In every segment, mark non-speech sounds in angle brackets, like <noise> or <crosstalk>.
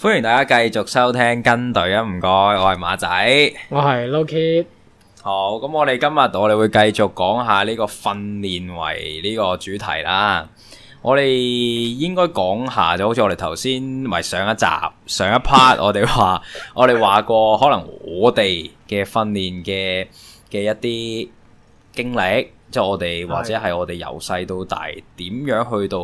歡迎大家繼續收聽跟隊啊！唔該，我係馬仔，我係 Loki。好，咁我哋今日我哋會繼續講下呢個訓練為呢個主題啦。我哋應該講下，就好似我哋頭先咪上一集、上一 part，我哋話， <laughs> 我哋話過，可能我哋嘅訓練嘅嘅一啲經歷，即係我哋或者係我哋由細到大，點樣去到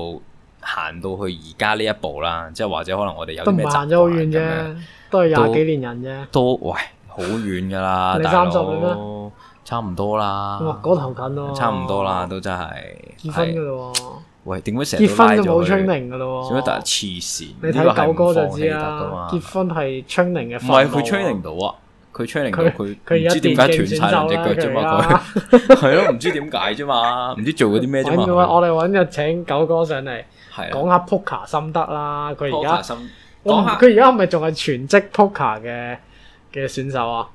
行到去而家呢一步啦？即係或者可能我哋有都唔行咗好遠啫，都係廿幾年人啫。都喂，好遠噶啦，三十咁樣，差唔多啦。哇，嗰頭近咯，差唔多啦，都真係結婚噶啦喎喂，點解成日結婚就冇 training 噶咯？點解大家黐線？你睇九哥就知啦，結婚係 training 嘅。唔係佢 training 到啊，佢 training 到，佢佢唔知點解斷晒兩隻腳啫嘛。改係咯，唔知點解啫嘛，唔知做咗啲咩啫嘛。我哋揾日請九哥上嚟，係講下撲克心得啦。佢而家我佢而家係咪仲係全職撲克嘅嘅選手啊？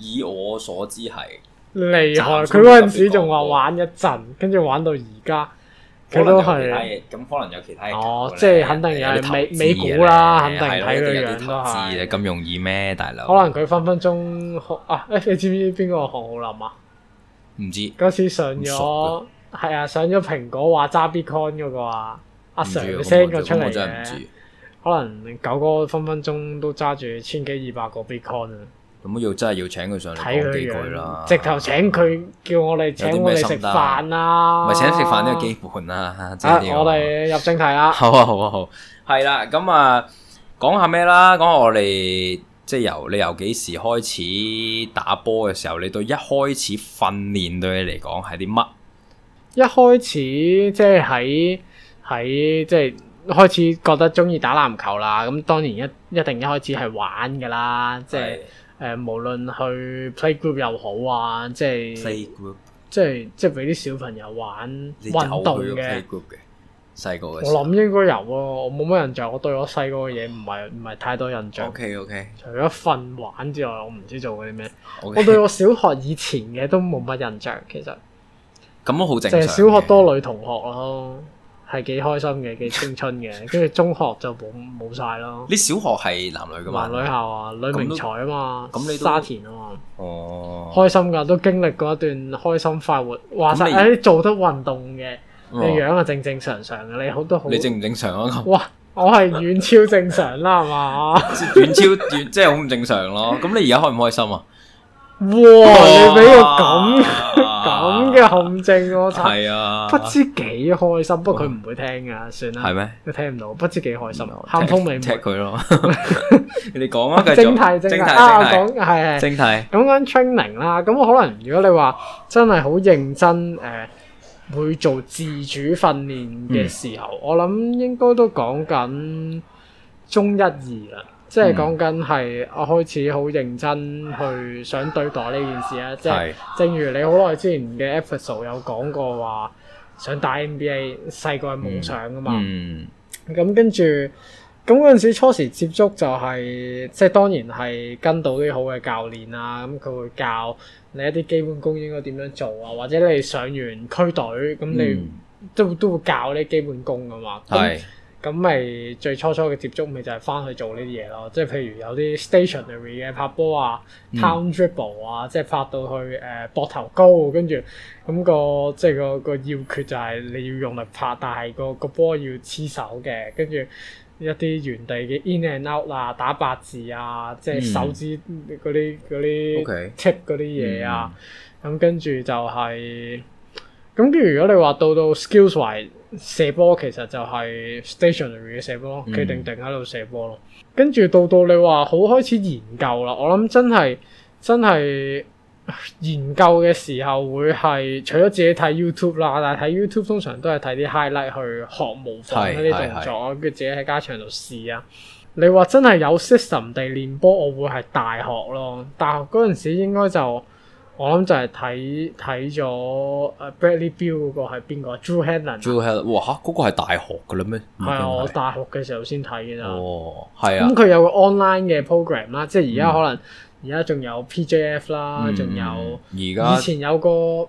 以我所知係厲害，佢嗰陣時仲話玩一陣，跟住玩到而家。佢都係咁，可能有其他嘢，哦，哦，即係肯定有，有美美股啦，你肯定睇嗰樣都係。咁容易咩，大佬？可能佢分分鐘學的啊！你知唔知邊個何浩林啊？唔知。嗰時上咗係啊，上咗蘋果話揸 bitcoin 嗰、那個啊，阿 Sir 你聽過出嚟唔知。可能九哥分分鐘都揸住千幾二百個 bitcoin 啊！咁要真係要請佢上嚟講幾句啦，直頭請佢叫我哋請我食飯啊！唔係、啊、請食飯呢個基本啦、啊。就是這個、啊，我哋入正題啦、啊。好啊，好啊，好。係啦，咁啊，講、嗯、下咩啦？講下我哋即係由你由幾時開始打波嘅時候，你對一開始訓練對你嚟講係啲乜？一開始即係喺喺即係開始覺得中意打籃球啦。咁當然一一定一開始係玩噶啦，即、就、係、是。誒，無論去 play group 又好啊，即係 Play group.，即係即係俾啲小朋友玩運動嘅。細個嘅，我諗應該有啊，我冇乜印象。我對我細個嘅嘢唔係唔係太多印象。O K O K，除咗瞓玩之外，我唔知做過啲咩。Okay. 我對我小學以前嘅都冇乜印象，其實。咁都好正常。就係小學多女同學咯。係幾開心嘅，幾青春嘅，跟住中學就冇冇晒咯。 <laughs> 了你小學係男女噶嘛？男女校啊，女明彩啊嘛，咁你都沙田啊嘛，哦，開心噶，都經歷過一段開心快活，話晒誒做得運動嘅，你樣係正正常常嘅，你好多好。你正唔正常啊？ <laughs> 哇，我係遠超正常啦，係嘛 <laughs> ？遠超遠，即係好唔正常咯。咁、嗯、 <laughs> 你而家開唔開心啊？哇！你俾個咁咁嘅陷阱，我真係不知幾開心。不過佢唔會聽啊，算啦。係咩？佢聽唔到，不知幾開心。喊通未？踢佢咯！你哋講啊，繼續。正題正題啊，講係係正題。咁講 training 啦，咁可能如果你話真係好認真，誒會做自主訓練嘅時候，我諗應該都講緊中一二啦。即係講緊係我開始好認真去想對待呢件事啊！嗯、即係正如你好耐之前嘅 episode 有講過話，想打 NBA 細個係夢想噶嘛。咁、嗯嗯嗯、跟住咁嗰陣時初時接觸就係、是、即係當然係跟到啲好嘅教練啊，咁、嗯、佢會教你一啲基本功應該點樣做啊，或者你上完區隊咁你都、嗯、都會教啲基本功噶嘛。咁咪最初初嘅接觸咪就係翻去做呢啲嘢咯，即係譬如有啲 stationary 嘅拍波啊、嗯、town dribble 啊，即係拍到去誒膊頭高，跟住咁個即係個個要訣就係你要用嚟拍，但係個個波要黐手嘅，跟住一啲原地嘅 in and out 啊，打八字啊，即係手指嗰啲嗰啲 tip 嗰啲嘢啊，咁跟住就係、是、咁。譬如果如果你話到到 skills wise。Wise, 射波其實就係 stationary 嘅射波咯，企定定喺度射波咯。跟住到到你話好開始研究啦，我諗真係真係研究嘅時候會係除咗自己睇 YouTube 啦，但係睇 YouTube 通常都係睇啲 highlight 去學模仿嗰啲動作，跟住自己喺家場度試啊。你話真係有 system 地練波，我會係大學咯。大學嗰陣時應該就。我諗就係睇睇咗 Bradley Beal 嗰個係邊個？Drew Hannon。Drew Hannon， <music> 哇吓、嗰個係大學噶啦咩？係啊， <music> 我大學嘅時候先睇嘅咋。哦，係啊。咁佢有個 online 嘅 program 啦，即係而家可能而家仲有 P.J.F 啦，嗯，仲有。而家。以前有個。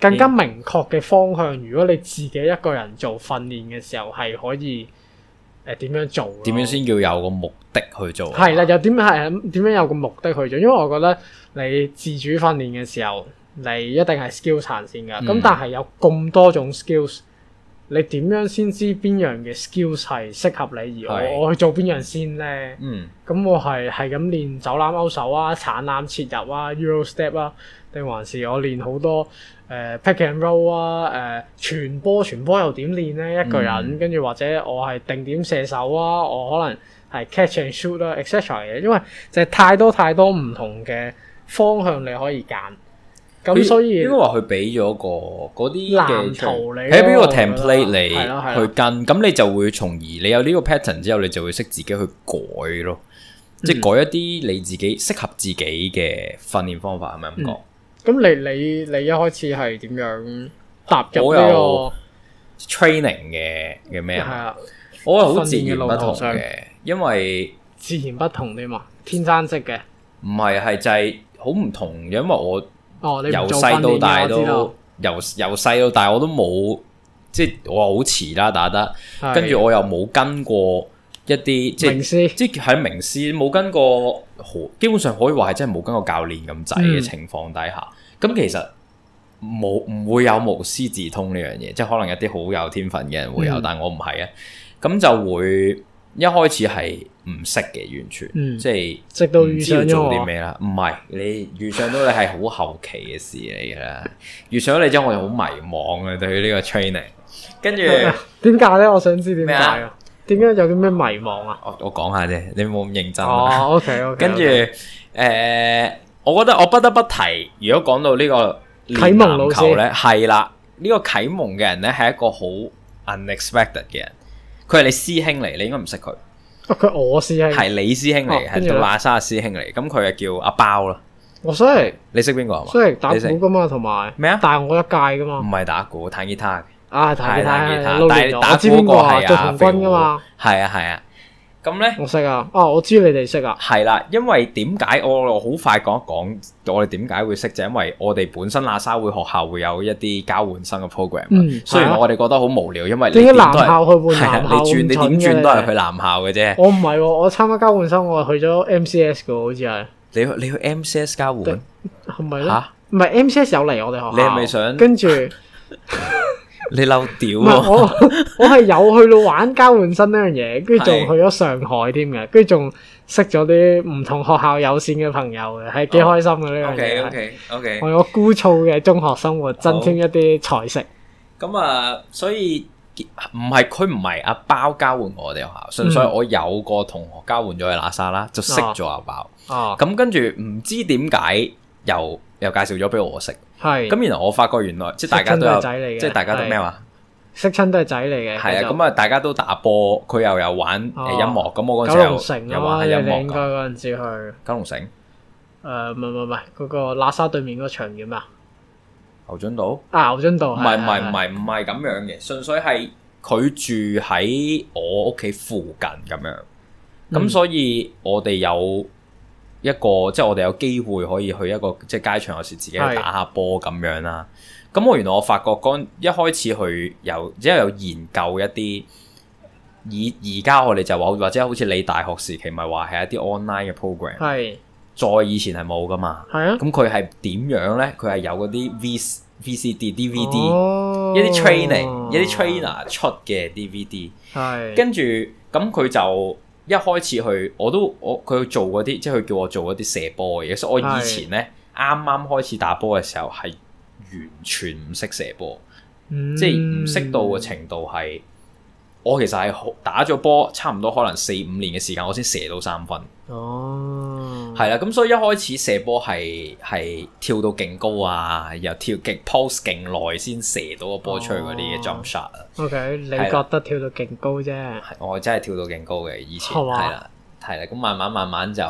更加明確嘅方向，如果你自己一個人做訓練嘅時候，係可以誒點、呃、樣做？點樣先叫有個目的去做？係啦，又點係？點樣有個目的去做？因為我覺得你自主訓練嘅時候，你一定係 skill 殘線噶，咁但係有咁多種 skills。你點樣先知邊樣嘅 skills 係適合你？而我去做邊樣先咧？咁、嗯、我係係咁練走籃勾手啊、鏟籃切入啊、Euro step 啊，定還是我練好多誒、呃、pick and roll 啊、誒傳波傳波又點練咧？一個人跟住、嗯、或者我係定點射手啊，我可能係 catch and shoot 啦、啊、etc 嘅嘢，因為就係太多太多唔同嘅方向你可以揀。咁所以，應該話佢俾咗個嗰啲藍圖你，喺呢個 template 嚟去跟，咁你就會從而你有呢個 pattern 之後，你就會識自己去改咯，即係改一啲你自己適合自己嘅訓練方法，係咪咁講？咁你你你一開始係點樣踏入呢個 training 嘅嘅咩啊？我係好自然不同嘅，因為自然不同啲嘛，天生識嘅唔係係就係好唔同，因為我。由細、哦、到大都由由細到大我都冇即係我好遲啦打得，跟住的我又冇跟過一啲思即係即係喺名師冇跟過，可基本上可以話係真係冇跟過教練咁仔嘅情況底下，咁、嗯、其實冇唔會有無師自通呢樣嘢，即係可能一啲好有天分嘅人會有，嗯、但我唔係啊，咁就會一開始係。唔識嘅，完全，即係、嗯、直到遇上咗我，唔係、啊、你遇上到你係好後期嘅事嚟嘅啦。 <laughs> 遇上咗你之後，我就好迷茫啊！對於個呢個 training，跟住點解咧？我想知點解啊？點解麼有啲咩迷茫啊？我我講下啫，你冇咁認真。哦，OK，OK。跟住誒，我覺得我不得不提，如果講到呢個啟蒙老師咧，係啦，這個、啟呢個啟蒙嘅人咧係一個好 unexpected 嘅人，佢係你師兄嚟，你應該唔識佢。佢我師兄，係李師兄嚟，係做馬沙師兄嚟，咁佢啊叫阿包囉。我所以你識邊個啊？所以打鼓噶嘛，同埋咩啊？但係我一屆噶嘛。唔係打鼓，彈吉他嘅。啊，彈吉他，但係你打鼓個係做紅軍噶嘛？係啊，係啊。咁咧，我識啊！哦，我知你哋識啊！係啦，因為點解我好快講一講我哋點解會識就因為我哋本身喇沙會學校會有一啲交換生嘅 program 啊。雖然我哋覺得好無聊，因為點解男校去換男校咁蠢嘅？你點轉都係去男校嘅啫。我唔係，我參加交換生，我係去咗 MCS 嘅，好似係。你去你去 MCS 交換？係咪啊？唔係咧，唔係 MCS 有嚟我哋學校。你係咪想跟住？你嬲屌？我，我係有去到玩交換生呢樣嘢，跟住仲去咗上海添嘅，跟住仲識咗啲唔同學校友善嘅朋友嘅，係幾開心嘅呢樣嘢。O K O K O K 為我有枯燥嘅中學生活增添一啲彩色。咁、嗯嗯、啊，所以唔係佢唔係阿包交換我哋學校，純粹我有個同學交換咗去喇沙啦，就識咗阿包。哦，咁跟住唔知點解。又又介紹咗俾我識，咁原來我發覺原來即係大家都有仔嚟嘅，即係大家都咩話？識親都係仔嚟嘅，係啊！咁啊，大家都打波，佢又有玩音樂。咁我嗰陣時又又玩音樂。應該嗰陣時去九龍城。誒唔係唔係唔係，嗰個喇沙對面嗰個場叫咩啊？牛津道啊，牛津道，唔係唔係唔係唔係咁樣嘅，純粹係佢住喺我屋企附近咁樣，咁所以我哋有。一個即係我哋有機會可以去一個即係街場有時自己去打下波咁樣啦。咁是我原來我發覺剛，剛一開始去有即係有研究一啲，以而家我哋就話或者好似你大學時期咪話係一啲 online 嘅 program，係是。再以前係冇噶嘛，係啊。咁佢係點樣咧？佢係有嗰啲 V VCD DVD，哦，一啲 training，一啲 trainer 出嘅 DVD，係。跟住咁佢就。一開始去我都我佢去做嗰啲，即係佢叫我做嗰啲射波嘅嘢。所以，我以前咧啱啱開始打波嘅時候，係完全唔識射波，嗯、即係唔識到嘅程度係。我其實係打咗波，差唔多可能四五年嘅時間，我先射到三分。哦，係啦，咁所以一開始射波係係跳到勁高啊，又跳極 pose 勁耐先射到個波出去嗰啲 jump shot 啊。OK，你覺得跳到勁高啫？係我真係跳到勁高嘅，以前係啦，係啦，咁慢慢慢慢就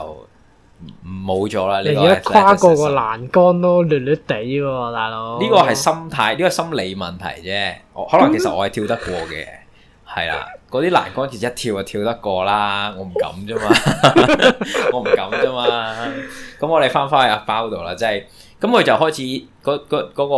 冇咗啦。你而家跨過個欄杆都略略地嘅，大佬呢個係心態，呢個心理問題啫。我可能其實我係跳得過嘅。係啦，嗰啲欄杆其實一跳就跳得過啦，我唔敢啫嘛， <laughs> <laughs> 我唔敢啫嘛。咁我哋翻翻去阿包度啦，即係咁佢就開始嗰嗰、嗰個誒、嗰個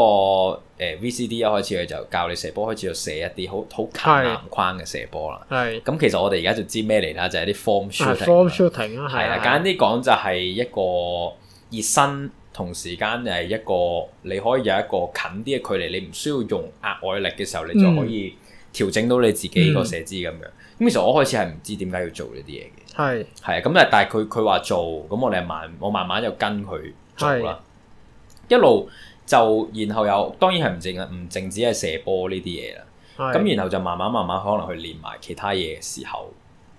呃、VCD 一開始佢就教你射波，開始就射一啲好好近籃框嘅射波啦。係咁是，其實我哋而家就知咩嚟啦，就係、是、啲 form shooting，form shooting 啦。係啊，簡單啲講就係一個熱身同時間係一個你可以有一個近啲嘅距離，你唔需要用額外力嘅時候，你就可以、嗯。調整到你自己個射姿咁樣，咁其實我開始係唔知點解要做呢啲嘢嘅。係係啊，咁但係但係佢佢話做，咁我哋慢，慢，我慢慢又跟佢做啦。是一路就，然後又當然係唔淨唔淨止係射波呢啲嘢啦。咁是然後就慢慢慢慢可能去練埋其他嘢嘅時候，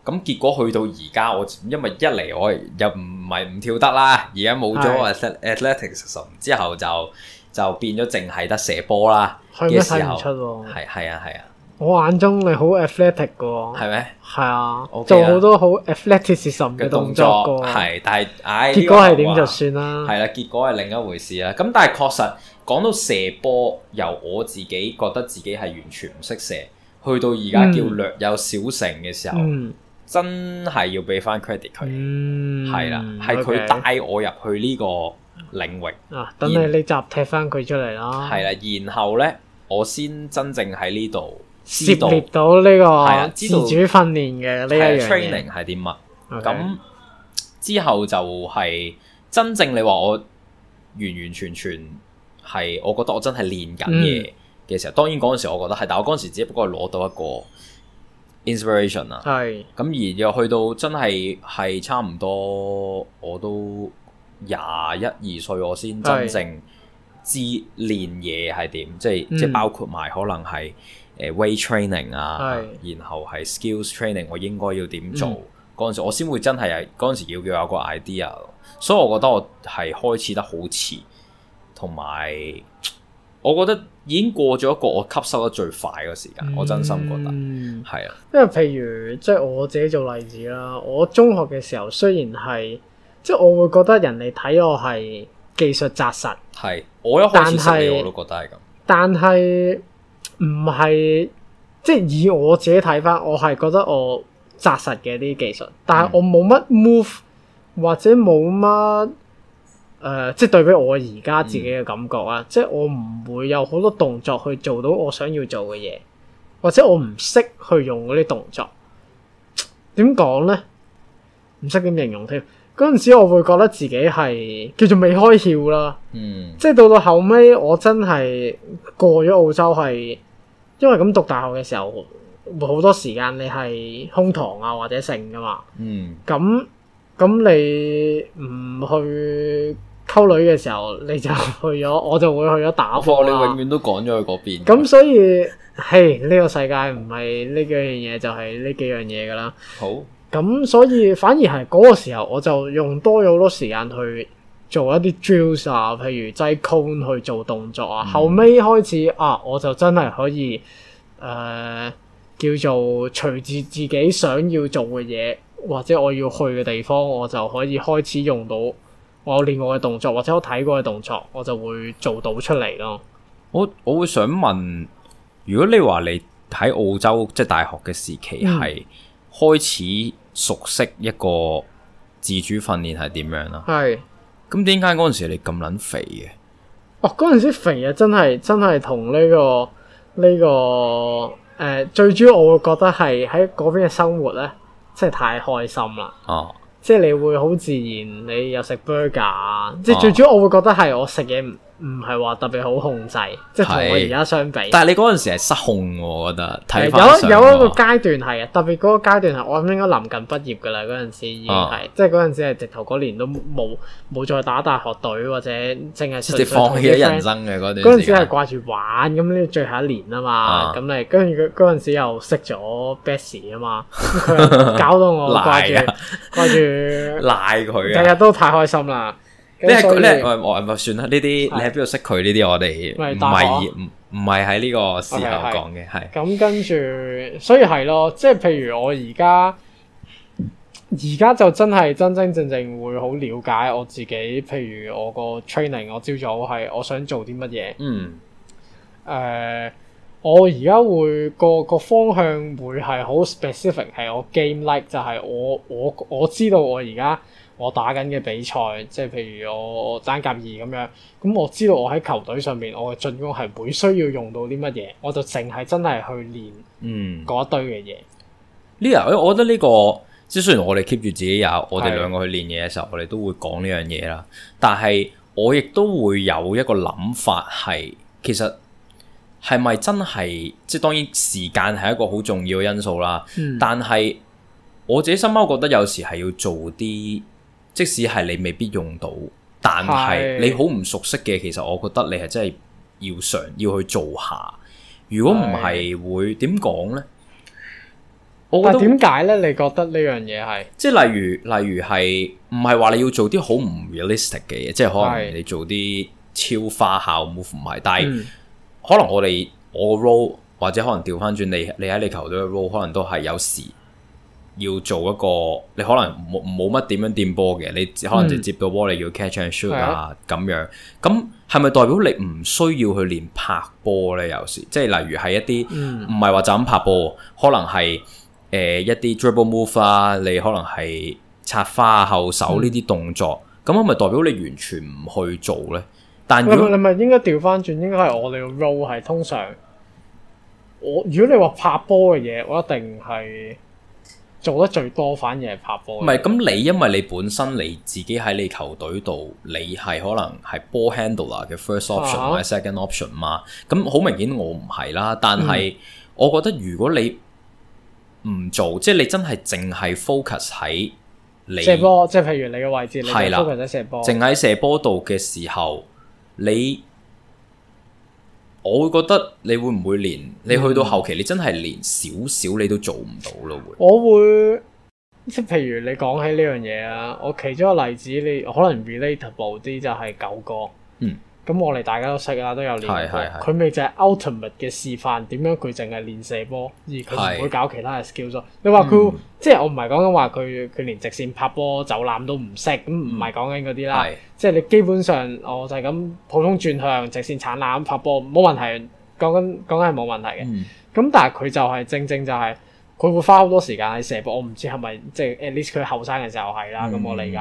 咁結果去到而家，我因為一嚟我又唔係唔跳得啦，而家冇咗啊 athletics 是、so, 之後就就變咗淨係得射波啦嘅時候。係係啊係啊。我眼中你好 athletic 㗎，係咪嗎？係啊，okay、了做好多好 athleticism 嘅動，動作。係，但係唉，哎、結果係點就算啦？係啦，結果係另一回事啦。咁但係確實講到射波，由我自己覺得自己係完全唔識射，去到而家叫略有小成嘅時候，嗯、真係要俾翻 credit 佢、嗯。係啦、啊，係佢帶我入去呢個領域。啊，等你你集踢翻佢出嚟啦。係啦，然後咧，我先真正喺呢度。涉獵到呢個自主訓練嘅呢一樣，Training 係啲乜？咁 Okay. 之後就係真正你話我完完全全係，我覺得我真係練緊嘢嘅時候，嗯、當然嗰陣時我覺得係，但我嗰陣時只不過係攞到一個 inspiration 啊。係咁、嗯、而又去到真係係差唔多，我都廿一二歲，我先真正知練嘢係點，嗯、即係即係包括埋可能係。誒、呃、weight training 啊，是然後係 skills training，我應該要點做？嗰陣、嗯、時我先會真係，嗰陣時要要有個 idea。所以我覺得我係開始得好遲，同埋我覺得已經過咗一個我吸收得最快嘅時間。嗯、我真心覺得係啊，因為譬如即係我自己做例子啦，我中學嘅時候雖然係，即係我會覺得人哋睇我係技術紮實，係我一開始識你是我都覺得係咁，但係。唔係，即係以我自己睇翻，我係覺得我紮實嘅啲技術，但係我冇乜 move 或者冇乜誒，即係對比我而家自己嘅感覺啊，嗯、即係我唔會有好多動作去做到我想要做嘅嘢，或者我唔識去用嗰啲動作，點講呢？唔識點形容添。嗰陣時我會覺得自己係叫做未開竅啦，嗯，即係到到後尾，我真係過咗澳洲係。因為咁讀大學嘅時候，會好多時間你係空堂啊或者剩噶嘛，咁咁、嗯、你唔去溝女嘅時候，你就去咗，我就會去咗打波、啊、你永遠都趕咗去嗰邊。咁所以， <laughs> 嘿，呢、呢個世界唔係呢幾樣嘢，就係、係、呢幾樣嘢噶啦。好。咁所以，反而係嗰個時候，我就用多咗好多時間去。做一啲 drills 啊，譬如擠 cone 去做動作啊，嗯、後尾開始啊，我就真係可以誒、呃，叫做隨住自己想要做嘅嘢，或者我要去嘅地方，我就可以開始用到我有練過嘅動作，或者我睇過嘅動作，我就會做到出嚟咯。我我會想問，如果你話你喺澳洲即係、就是、大學嘅時期係、嗯、開始熟悉一個自主訓練係點樣啦？係。咁點解嗰陣時你咁撚肥嘅？哦，嗰陣時肥啊，真係真係同呢個呢、這個誒、呃，最主要我會覺得係喺嗰邊嘅生活咧，真係太開心啦！哦，啊、即係你會好自然，你又食 burger，、啊、即係最主要我會覺得係我食嘢唔。唔係話特別好控制，即係同我而家相比。但係你嗰陣時係失控，我覺得有有一個階段係啊，特別嗰個階段係我諗應該臨近畢業噶啦，嗰陣時已經係，即係嗰陣時係直頭嗰年都冇冇再打大學隊或者淨係直接放棄咗人生嘅嗰段。嗰陣時係掛住玩，咁呢最後一年啊嘛，咁你跟住嗰嗰陣時又識咗 Bessy 啊嘛，搞到我掛住掛住賴佢啊，日日都太開心啦。呢個呢我我咪算啦，呢啲你喺邊度識佢呢啲？我哋唔係唔係喺呢個時候講嘅，係。咁跟住，所以係咯，即係譬如我而家而家就真係真真正正會好了解我自己。譬如我個 training，我朝早係我想做啲乜嘢。嗯。誒、呃，我而家會個個方向會係好 specific，係我 game like，就係我我我知道我而家。我打緊嘅比賽，即係譬如我我單夾二咁樣，咁我知道我喺球隊上面，我嘅進攻係會需要用到啲乜嘢，我就淨係真係去練嗰堆嘅嘢。呢 e o 我覺得呢、呢個即係雖然我哋 keep 住自己有，我哋兩個去練嘢嘅時候，是我哋都會講呢樣嘢啦。但係我亦都會有一個諗法係，其實係咪真係即係當然時間係一個好重要嘅因素啦。嗯、但係我自己心諗，我覺得有時係要做啲。即使係你未必用到，但係你好唔熟悉嘅，是其實我覺得你係真係要常要去做下。如果唔係，會點講咧？我覺但點解咧？你覺得呢樣嘢係？即係例如，例如係唔係話你要做啲好唔 realistic 嘅嘢？是即係可能你做啲超花巧 move 唔係，是但係可能我哋我 role 或者可能調翻轉你你喺你球隊嘅 role，可能都係有時。要做一個，你可能冇冇乜點樣掂波嘅，你可能直接到波、嗯、你要 catch and shoot 啊咁、啊、樣。咁係咪代表你唔需要去練拍波咧？有時即係例如係一啲唔係話就咁拍波，可能係誒、呃、一啲 dribble move 啊，你可能係插花後手呢啲動作。咁係咪代表你完全唔去做咧？但如果你咪係應該調翻轉，應該係我哋嘅 role 係通常。我如果你話拍波嘅嘢，我一定係。做得最多反而係拍波。唔係。咁你，因為你本身你自己喺你球隊度，你係可能係 ball handler 嘅 first option 或者、啊、second option 嘛。咁好明顯我唔係啦，但係、嗯、我覺得如果你唔做，即係你真係淨係 focus 喺你射波，即係譬如你嘅位置，你 focus 喺射波，淨喺射波度嘅時候，你。我會覺得你會唔會連你去到後期，你真係連少少你都做唔到咯？會。我會即譬如你講起呢樣嘢啊，我其中一個例子，你可能 relatable 啲就係九哥，嗯。咁我哋大家都識啊，都有練。佢咪就係 ultimate 嘅示範，點樣佢淨係練射波，而佢唔會搞其他嘅 skill 咗。你話佢即係我唔係講緊話佢佢連直線拍波、走籃都唔識，咁唔係講緊嗰啲啦。是是即係你基本上，我就係咁普通轉向、直線鏟籃、拍波冇問題。講緊講緊係冇問題嘅。咁、嗯、但係佢就係、是、正正就係、是、佢會花好多時間喺射波。我唔知係咪即係 at least 佢後生嘅時候係、就、啦、是。咁我理解，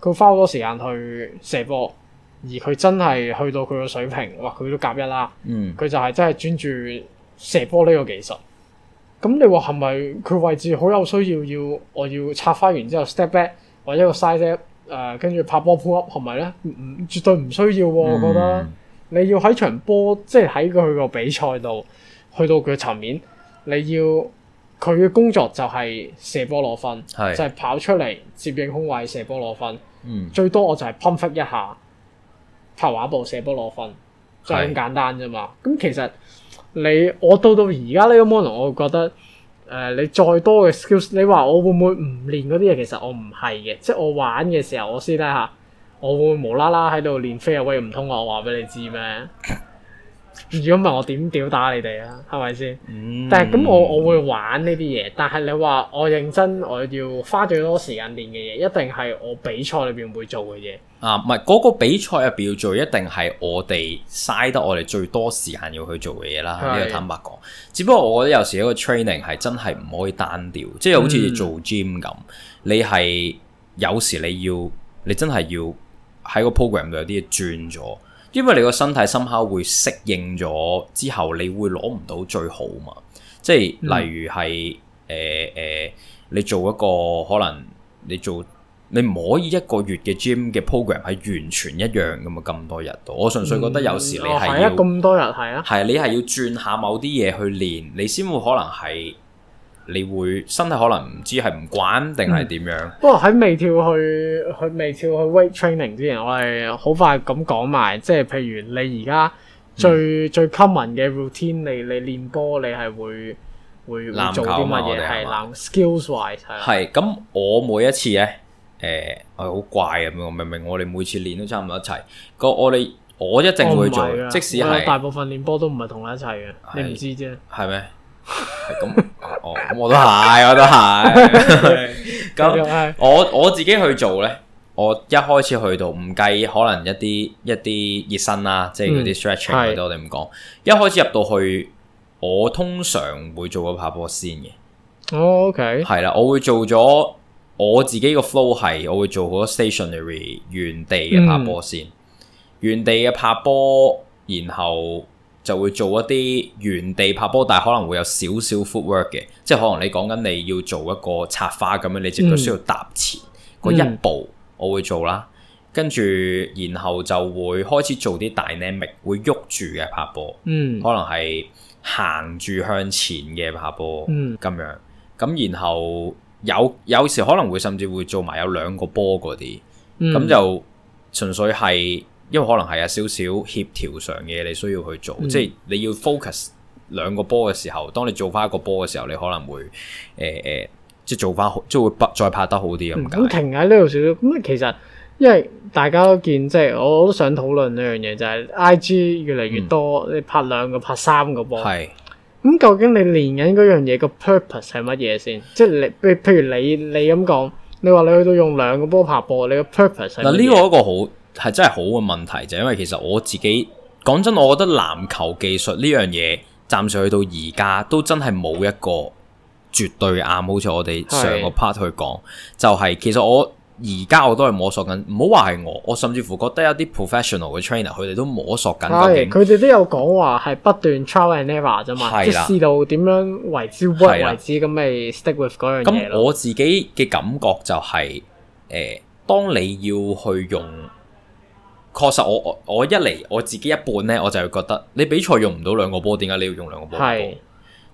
佢、嗯、花好多時間去射波。而佢真係去到佢個水平，哇！佢都夾一啦，佢、嗯、就係真係專注射波呢個技術。咁你話係咪佢位置好有需要要我要插花完之後 step back 或者個 side step 跟住拍波 pull up 係咪咧？唔、嗯、唔，絕對唔需要喎。嗯、我覺得你要喺場波，即係喺佢個比賽度，去到佢嘅層面，你要佢嘅工作就係射波攞分，是就係跑出嚟接應空位射波攞分。嗯，最多我就係 pump up 一下。投畫部羅，射波攞分就係咁簡單啫嘛，咁是其實你我到到而家呢個 moment 我覺得誒、呃、你再多嘅 skills， <music> 你話我會唔會唔練嗰啲嘢？其實我唔係嘅，即係我玩嘅時候，我先睇下我會,會無啦啦喺度練飛啊喂唔通我話俾你知咩？ <music> 如果唔係我點吊打，打你哋啊，係咪先？嗯、但係咁我我會玩呢啲嘢，但係你話我認真我要花最多時間練嘅嘢，一定係我比賽裏邊會做嘅嘢。啊，唔係嗰個比賽入邊要做，一定係我哋嘥得我哋最多時間要去做嘅嘢啦。呢個的坦白講，只不過我覺得有時一個 training 係真係唔可以單調，嗯、即係好似做 gym 咁，你係有時你要，你真係要喺個 program 度有啲嘢轉咗。因為你個身體深刻會適應咗之後，你會攞唔到最好嘛？即係例如係誒誒，你做一個可能你做你唔可以一個月嘅 gym 嘅 program 係完全一樣㗎嘛。咁多日度。我純粹覺得有時你係，哦、嗯，係啊，咁多日係啊，係啊，你係要轉下某啲嘢去練，你先會可能係。你會身體可能唔知係唔慣定係點樣？不過喺未跳去去未跳去 weight training 之前，我係好快咁講埋，即係譬如你而家最最 common 嘅 routine，你你練波你係會會會做啲乜嘢？係籃球 skills wise 係。係咁，我每一次咧，誒係好怪咁樣，明唔明？我哋每次練都差唔多一齊。個我哋我一定會做，即使係大部分練波都唔係同我一齊嘅，你唔知啫。係咩？咁，哦、 <laughs> 嗯，咁我都係，我都係。咁，我我自己去做咧，我一開始去到唔計可能一啲一啲熱身啦，即係嗰啲 stretching 嗰啲，嗯，我哋唔講。是一開始入到去，我通常會做個拍波先嘅。哦，OK。係啦，我會做咗我自己個 flow 係，我會做好多 stationary 原地嘅拍波先，嗯，原地嘅拍波，然後。就會做一啲原地拍波，但係可能會有少少 footwork 嘅，即係可能你講緊你要做一個插花咁樣，你隻腳需要踏前嗰、嗯、一步，我會做啦。跟住，然後就會開始做啲 dynamic 會喐住嘅拍波，嗯，可能係行住向前嘅拍波，嗯，咁樣咁，然後有有時可能會甚至會做埋有兩個波嗰啲，咁、嗯、就純粹係。因為可能係有少少協調上嘅你需要去做，嗯、即係你要 focus 兩個波嘅時候，當你做翻一個波嘅時候，你可能會誒誒、呃，即係做翻好，即係會拍再拍得好啲咁解。咁停喺呢度少少，咁其實因為大家都見，即係我都想討論呢樣嘢，就係、是、IG 越嚟越多，嗯、你拍兩個拍三個波，係咁是、嗯、究竟，你連緊嗰樣嘢個 purpose 係乜嘢先？即係你，譬如你你咁講，你話你，你去到用兩個波拍波，你個 purpose 嗱呢個一個好。係真係好嘅問題，就因為其實我自己講真，我覺得籃球技術呢樣嘢，暫時去到而家都真係冇一個絕對啱。好似我哋上個 part 去講，是的 就係其實我而家我都係摸索緊。唔好話係我，我甚至乎覺得有啲 professional 嘅 trainer，佢哋都摸索緊。佢哋都有講話係不斷 trial and error 啫嘛。的即係試到點樣為之的為止咁咪 stick with 嗰樣嘢。咁、嗯、我自己嘅感覺就係、是、誒、嗯，當你要去用。確實我我一嚟我自己一半呢，我就覺得你比賽用唔到兩個波，點解你要用兩個波？是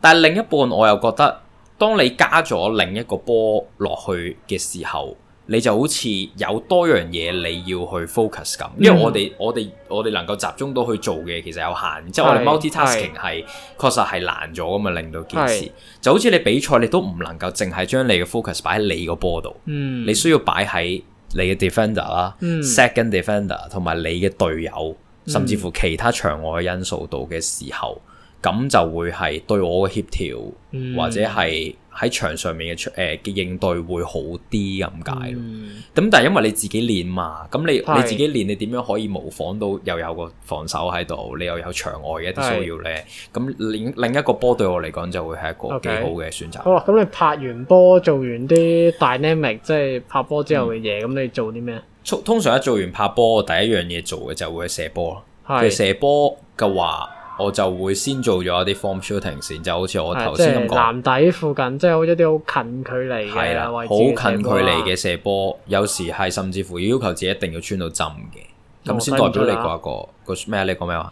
但係另一半我又覺得，當你加咗另一個波落去嘅時候，你就好似有多樣嘢你要去 focus 咁。因為我哋、嗯、我哋我哋能夠集中到去做嘅其實有限，即係是我哋 multitasking 係是是確實係難咗咁嘛。令到件事是就好似你比賽，你都唔能夠淨係將你嘅 focus 擺喺你個波度，嗯、你需要擺喺。你嘅 defender 啦、嗯、second defender 同埋你嘅隊友，甚至乎其他場外嘅因素度嘅時候，咁、嗯、就會係對我嘅協調或者係，喺場上面嘅出誒嘅應對會好啲咁解咯。咁、嗯、但係因為你自己練嘛，咁你是你自己練，你點樣可以模仿到又有，有個防守喺度，你又有，有場外嘅一啲需要咧？咁另是另一個波對我嚟講就會係一個幾 okay, 好嘅選擇。好啦，咁你拍完波，做完啲 dynamic，即係拍波之後嘅嘢，咁、嗯、你做啲咩？通通常一做完拍波，第一樣嘢做嘅就會係射波咯。即係是是射波嘅話。我就會先做咗一啲 form shooting 先，就好似我頭先咁講。籃底附近，即係好似啲好近距離嘅位置，好近距離嘅射波。有時係甚至乎要求自己一定要穿到針嘅，咁先代表你掛個個咩？你講咩話？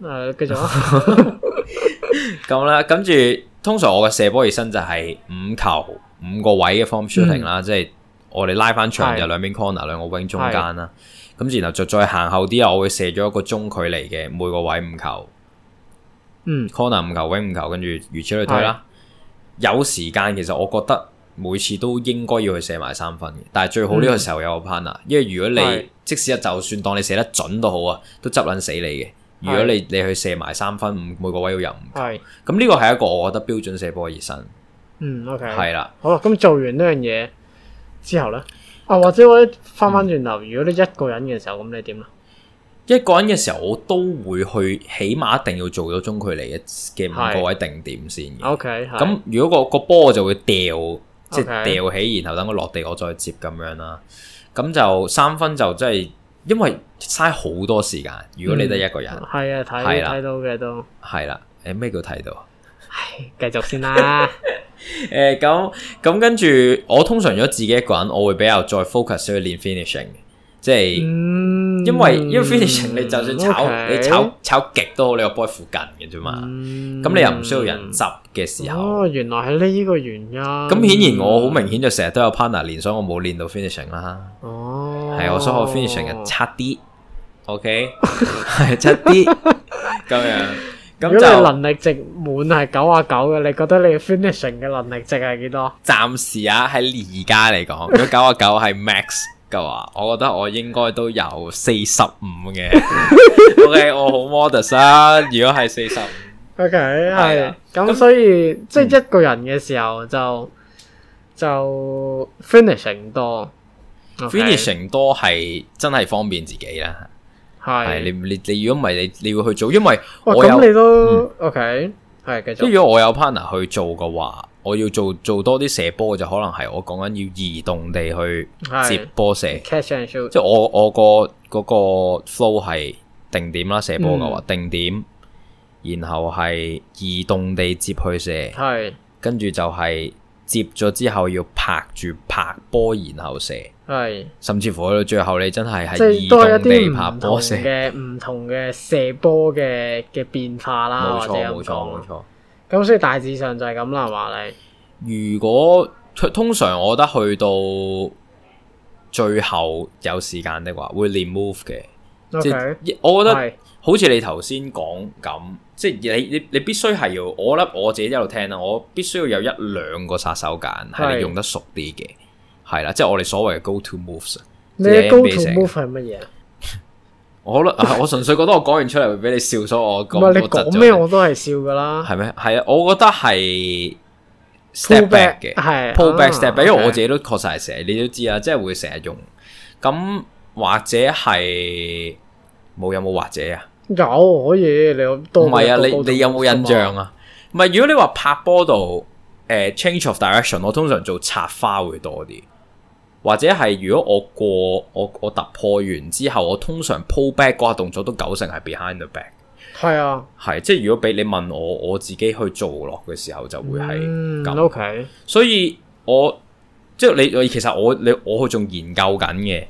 誒，繼續啊！咁啦，跟住 <laughs> <laughs> 通常我嘅射波起身就係五球五個位嘅 form shooting 啦、嗯，即係我哋拉翻長的就兩邊 corner 兩個 wing 中間啦。咁的的然後就再行後啲啊，我會射咗一個中距離嘅每個位五球。嗯，corner 五球 wing 五球，跟住如此類推啦。是有時間其實我覺得每次都應該要去射埋三分嘅，但係最好呢個時候有個 partner，、嗯、因為如果你是即使就算當你射得準都好啊，都執捻死你嘅。如果你是你去射埋三分，每個位要入五球，咁呢是個係一個我覺得標準射波熱身。嗯，OK，係啦了，好啦，咁做完呢樣嘢之後呢，啊或者我翻翻轉頭，嗯、如果你一個人嘅時候，咁你點咧？一個人嘅時候，我都會去，起碼一定要做咗中距離嘅五個位定點先嘅。O K，咁如果個個波我就會掉，即係掉起，Okay. 然後等佢落地，我再接咁樣啦。咁就三分就真、就、係、是，因為嘥好多時間。如果你得一個人，係啊、嗯，睇睇到嘅都係啦。誒，咩叫睇到？到唉，繼續先啦。誒、 <laughs> 呃，咁咁跟住，我通常如果自己一個人，我會比較再 focus 去練 finishing。即係，因為 finishing 因為你就算炒，Okay? 你炒炒極都好，你個波附近嘅啫嘛。咁、嗯、你又唔需要人集嘅時候。哦，原來係呢個原因。咁顯然我好明顯就成日都有 partner 練，所以我冇練到 finishing 啦。哦，係我所學 finishing 係七啲 OK 係七啲，咁樣。咁就如果你能力值滿係九啊九嘅，你覺得你 finishing 嘅能力值係幾多？暫時啊，喺而家嚟講，如果九啊九係 max。 <laughs> 嘅話，我覺得我應該都有四十五嘅。OK，我好 modest 啊。如果係四十五，OK 係。咁所以即係一個人嘅時候就、嗯、就 finishing 多 okay, finishing 多。finishing 多係真係方便自己啦。係你你你如果唔係你你會去做，因為我咁、哦、你都、嗯、OK 係繼續。如果我有 partner 去做嘅話。我要做做多啲射波就可能係我講緊要移動地去接波射，catch and shoot，即係我我個、嗰個 flow 係定點啦射波嘅話，嗯、定點，然後係移動地接去射，係跟住就係接咗之後要拍住拍波然後射，係是甚至乎去到最後你真係係移動地拍波射嘅唔同嘅射波嘅嘅變化啦，冇錯冇錯冇錯。錯錯咁所以大致上就係咁啦，話你如果通常我覺得去到最後有時間的話，會練 move 嘅。Okay，即係我覺得是好似你頭先講咁，即係你你你必須係要我覺得我自己一度聽啦，我必須要有一兩個殺手鐧係你用得熟啲嘅，係啦是，即係我哋所謂嘅 go to moves。你 go to move 係乜嘢？我可能我純粹覺得我講完出嚟會俾你笑咗我咁，唔係是你講咩我都係笑噶啦，係咩？係啊，我覺得係 step back 嘅，係 pull back step back，因為我自己都確實係成日，你都知啊，即係會成日用咁或者係冇有冇或者啊？有可以你有多唔係啊？你你有冇印象啊？唔係麼如果你話拍波度誒 change of direction，我通常做插花會多啲。或者係如果我過我我突破完之後，我通常 pull back 嗰下動作都九成係 behind the back。係啊，係即係如果俾你問我我自己去做落嘅時候，就會係咁。嗯、o、okay、K，所以我即係你其實我你我我仲研究緊嘅，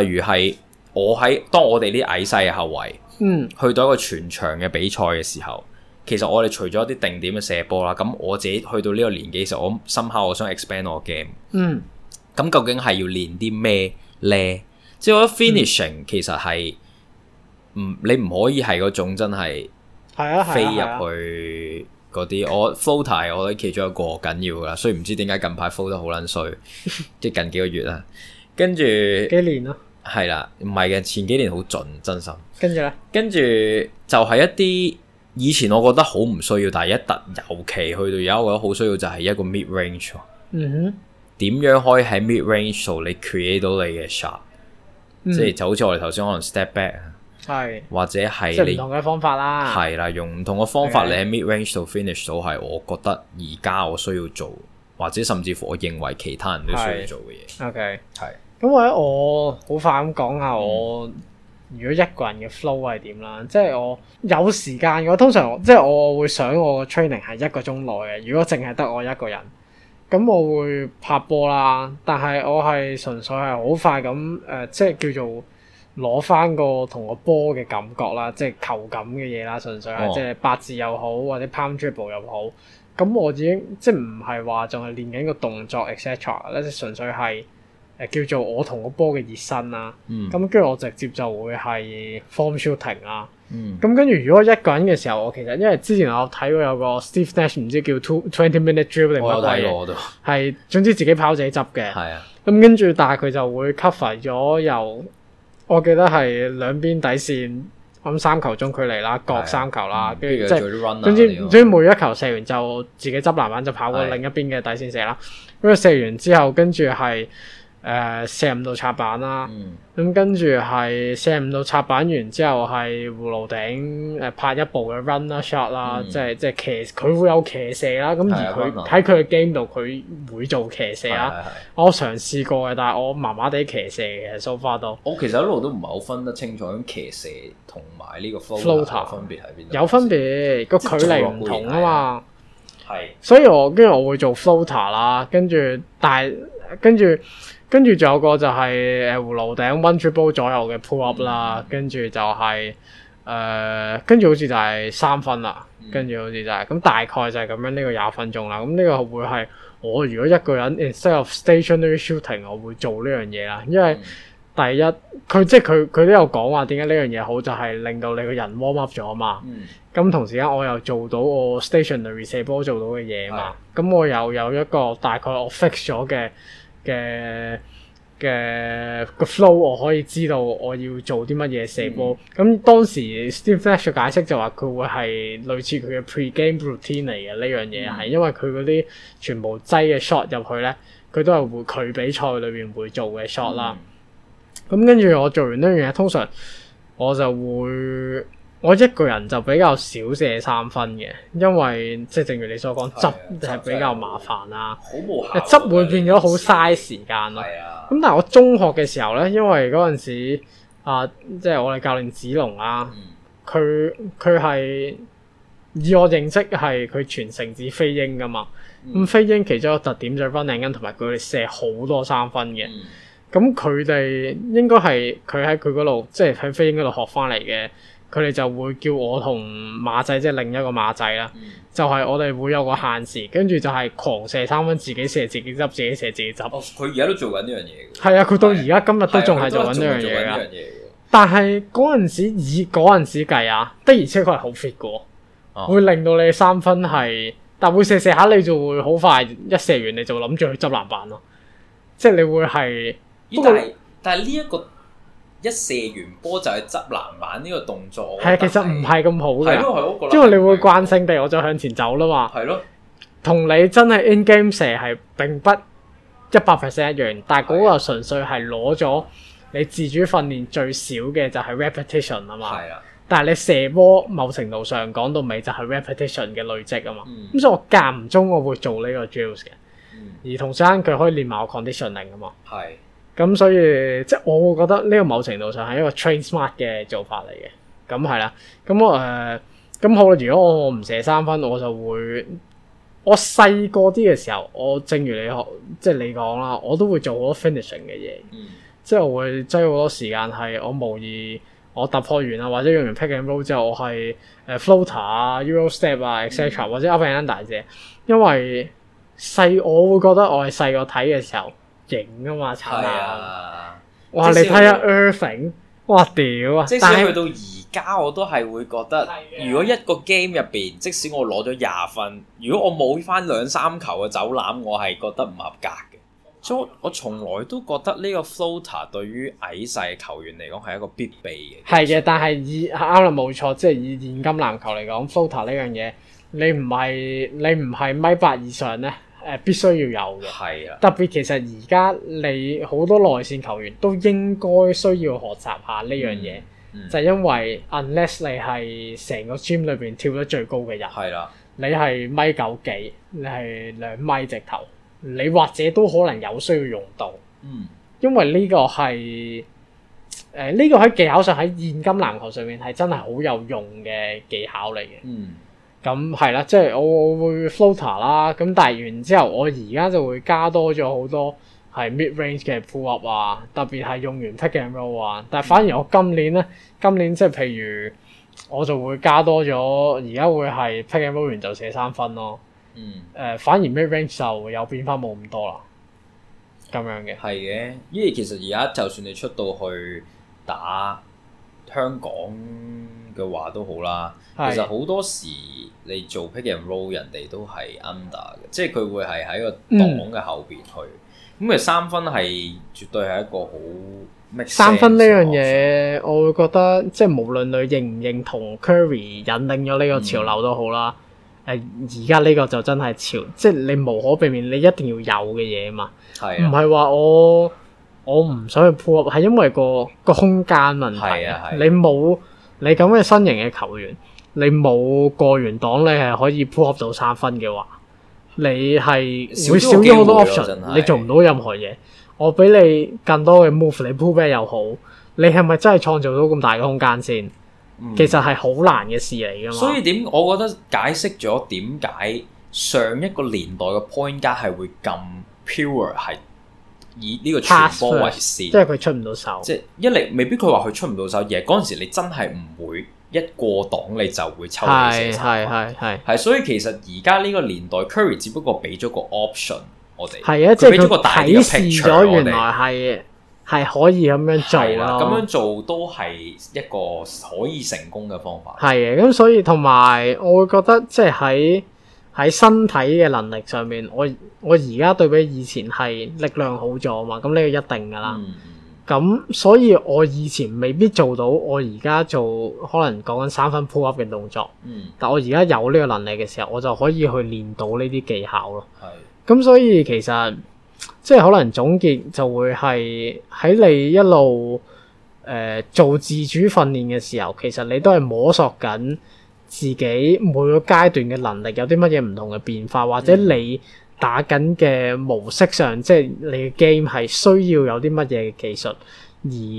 例如係我喺當我哋啲矮細嘅後衛，嗯，去到一個全場嘅比賽嘅時候，其實我哋除咗一啲定點嘅射波啦，咁我自己去到呢個年紀嘅時候，我深刻我想 expand 我嘅 game。嗯。咁究竟係要練啲咩咧？即係我覺得 finishing 其實係唔你唔可以係嗰種真係係啊飛入去嗰啲，我 footing 我覺得其中一個緊要噶啦，所以唔知點解近排 foot 得好撚衰，即係 <laughs> 近幾個月啦。跟住幾年咯，係啦，唔係嘅前幾年好準，真心。跟住咧，跟住就係一啲以前我覺得好唔需要，但係一突尤其去到而家我覺得好需要就係一個 mid range 嗯。嗯哼。點樣可以喺 mid range 度你 create 到你嘅 shot？、嗯、即係就好似我哋頭先可能 step back 啊是，係或者係唔同嘅方法啦，係啦，用唔同嘅方法你喺 mid range 度 finish 到係。我覺得而家我需要做，或者甚至乎我認為其他人都需要做嘅嘢。O K，係。咁我咧，我好快咁講下我如果一個人嘅 flow 係點啦。即係、嗯、我有時間我通常即係、就是、我會想我嘅 training 係一個鐘內嘅。如果淨係得我一個人。咁我會拍波啦，但係我係純粹係好快咁誒、呃，即係叫做攞翻個同個波嘅感覺啦，即係球感嘅嘢啦，純粹、哦、即係八字又好或者 palm dribble 又好，咁我已經即係唔係話仲係練緊個動作 exercise 咧，即係純粹係。誒叫做我同個波嘅熱身啦，咁跟住我直接就會係 form shooting 啦。咁跟住如果一個人嘅時候，我其實因為之前我睇過有個 Steve Nash 唔知叫 twenty minute drill 定乜鬼，係總之自己跑自己執嘅，咁跟住但係佢就會 cover 咗由我記得係兩邊底線咁三球中距離啦，各三球啦，跟住即係總之每一球射完就自己執籃板就跑過另一邊嘅底線射啦，跟住射完之後跟住係。誒，四十五度插板啦，咁跟住係四十五度插板完之後係葫蘆頂，誒拍一部嘅 run 啦、shot 啦，即係即係騎，佢會有騎射啦。咁而佢喺佢嘅 game 度，佢會做騎射啊對。我嘗試過嘅，但係我麻麻哋騎射嘅，so far 都。我其實一路都唔係好分得清楚，咁騎射同埋呢個 floater 分別喺邊度？有分別，個距離唔同啊嘛。係。所以我跟住我，我會做 floater 啦，跟住但係。跟住，跟住仲有個就係、是、誒、啊，葫蘆頂 one two ball 左右嘅 pull up 啦、嗯就是呃，跟住就係誒，嗯、跟住好似就係三分啦，跟住好似就係咁大概就係咁樣呢、這個廿分鐘啦，咁、嗯、呢、嗯、個會係我如果一個人 instead of stationary shooting，我會做呢樣嘢啦，因為。嗯第一，佢即係佢，佢都有講話點解呢樣嘢好，就係、是、令到你個人 warm up 咗嘛。咁、嗯、同時間，我又做到我 stationary 射波做到嘅嘢嘛。咁、嗯、我又有一個大概我 fix 咗嘅嘅嘅個 flow，我可以知道我要做啲乜嘢射波。咁、嗯、當時 Steve Flash 嘅解釋就話佢會係類似佢嘅 pre-game routine 嚟嘅呢樣嘢，係、嗯、因為佢嗰啲全部擠嘅 shot 入去咧，佢都係會佢比賽裏邊會做嘅 shot 啦、嗯。嗯。咁跟住我做完呢樣嘢，通常我就會我一個人就比較少射三分嘅，因為即係正如你所講，執就係比較麻煩啦的、啊，執會變咗好嘥時間咯。咁的但係我中學嘅時候咧，因為嗰陣時啊，即係我哋教練子龍啊，佢佢係以我認識係佢全承指飛鷹噶嘛，咁飛、嗯、鷹其中一個特點就係 Running，同埋佢哋射好多三分嘅。咁佢哋應該係佢喺佢嗰度，即係喺飛鷹嗰度學翻嚟嘅。佢哋就會叫我同馬仔，即係另一個馬仔啦。嗯、就係我哋會有個限時，跟住就係狂射三分，自己射，自己射自己執，自己射自己執。哦，佢而家都做緊呢樣嘢。係啊，佢到而家是今日都仲係做緊呢樣嘢噶。但係嗰陣時以嗰陣時計啊，的而且確係好 fit 噶，會令到你三分係，但會射射下，你就會好快一射完，你就諗住去執籃板咯。即係你會係。不過，但係呢一個一射完波就係執籃板呢個動作，係啊的，其實唔係咁好嘅，因為你會慣性地我再向前走啦嘛，係咯的，同你真係 in game 射係並不一百 percent 一樣，但係嗰個純粹係攞咗你自主訓練最少嘅就係 repetition 啊嘛，係啊的，但係你射波某程度上講到尾就係 repetition 嘅累積啊嘛，咁、嗯、所以我間唔中我會做呢個 drills 嘅、嗯， 而同時間佢可以練埋我 conditioning 啊嘛，係的。咁所以即係我會覺得呢個某程度上係一個 train smart 嘅做法嚟嘅，咁係啦。咁我誒，咁好啦，如果我唔射三分，我就會我細個啲嘅時候，我正如你學即係你講啦，我都會做好多 finishing 嘅嘢，嗯、即係我會擠好多時間係我無意我突破完啊，或者用完 pick and roll 之後，我係誒 floater 啊、Euro step 啊、etc.、嗯、或者 up and under 大隻，因為細我會覺得我係細個睇嘅時候。型啊嘛，差唔多。哇！你睇下 earning，哇屌啊！即使去到而家，是我都係會覺得，的如果一個 game 入邊，即使我攞咗廿分，如果我冇翻兩三球嘅走籃，我係覺得唔合格嘅。所以我我從來都覺得呢個 floater 對於矮細球員嚟講係一個必備嘅。係嘅，但係以啱啦，冇錯，即係以現今籃球嚟講，floater 呢樣嘢，你唔係你唔係米八以上咧誒，必須要有嘅，啊、特別其實而家你好多內線球員都應該需要學習下呢樣嘢，嗯嗯、就因為 unless 你係成個 team 裏邊跳得最高嘅人，啊、你係米九幾，你係兩米直頭，你或者都可能有需要用到，嗯、因為呢個係，誒、呃、呢、呢個喺技巧上喺現今籃球上面係真係好有用嘅技巧嚟嘅。嗯。咁係啦，即係我會 floater 啦。咁但係完之後，我而家就會加多咗好多係 mid range 嘅 pull up 啊，特別係用完 pick and roll 啊。但係反而我今年呢，今年即係譬如我就會加多咗，而家會係 pick and roll 完就射三分咯。嗯。誒、呃，反而 mid range 就有變化冇咁多啦，咁樣嘅。係嘅，因為其實而家就算你出到去打香港。嘅話都好啦，其實好多時你做 pick and roll，人哋都係 under 嘅，即係佢會係喺個擋嘅後邊去。咁其、嗯、三分係絕對係一個好三分呢樣嘢，我會覺得即係無論你認唔認同 Curry 引領咗呢個潮流都好啦。誒、嗯，而家呢個就真係潮，即係你無可避免，你一定要有嘅嘢嘛。係唔係話我我唔想去 pull up 係因為、個、個空間問題？啊、你冇。你咁嘅新型嘅球員，你冇過完檔，你係可以 pull up 到三分嘅話，你係會少咗好多 option，你做唔到任何嘢。我俾你更多嘅 move，你 pull back 又好，你係咪真係創造到咁大嘅空間先？嗯、其實係好難嘅事嚟噶嘛。所以點？我覺得解釋咗點解上一個年代嘅 point guard 係會咁 pure 係。以呢個全方位為事，即係佢出唔到手。即係一嚟，未必佢話佢出唔到手，而係嗰陣時你真係唔會一過檔你就會抽到是。射殺元。係係係係，所以其實而家呢個年代，Curry 是只不過俾咗個 option 我哋。係啊，即係佢提示咗原來係係可以咁樣做咯。咁樣做都係一個可以成功嘅方法。係嘅，咁所以同埋我會覺得即係喺。喺身體嘅能力上面，我我而家對比以前係力量好咗嘛？咁、這、呢個一定噶啦。咁、嗯、所以我以前未必做到我做，我而家做可能講緊三分 pull up 嘅動作。嗯、但我而家有呢個能力嘅時候，我就可以去練到呢啲技巧咯。咁是所以其實即係可能總結就會係喺你一路誒、呃、做自主訓練嘅時候，其實你都係摸索緊。自己每個階段嘅能力有啲乜嘢唔同嘅變化，或者你打緊嘅模式上，即係你嘅 game 係需要有啲乜嘢嘅技術，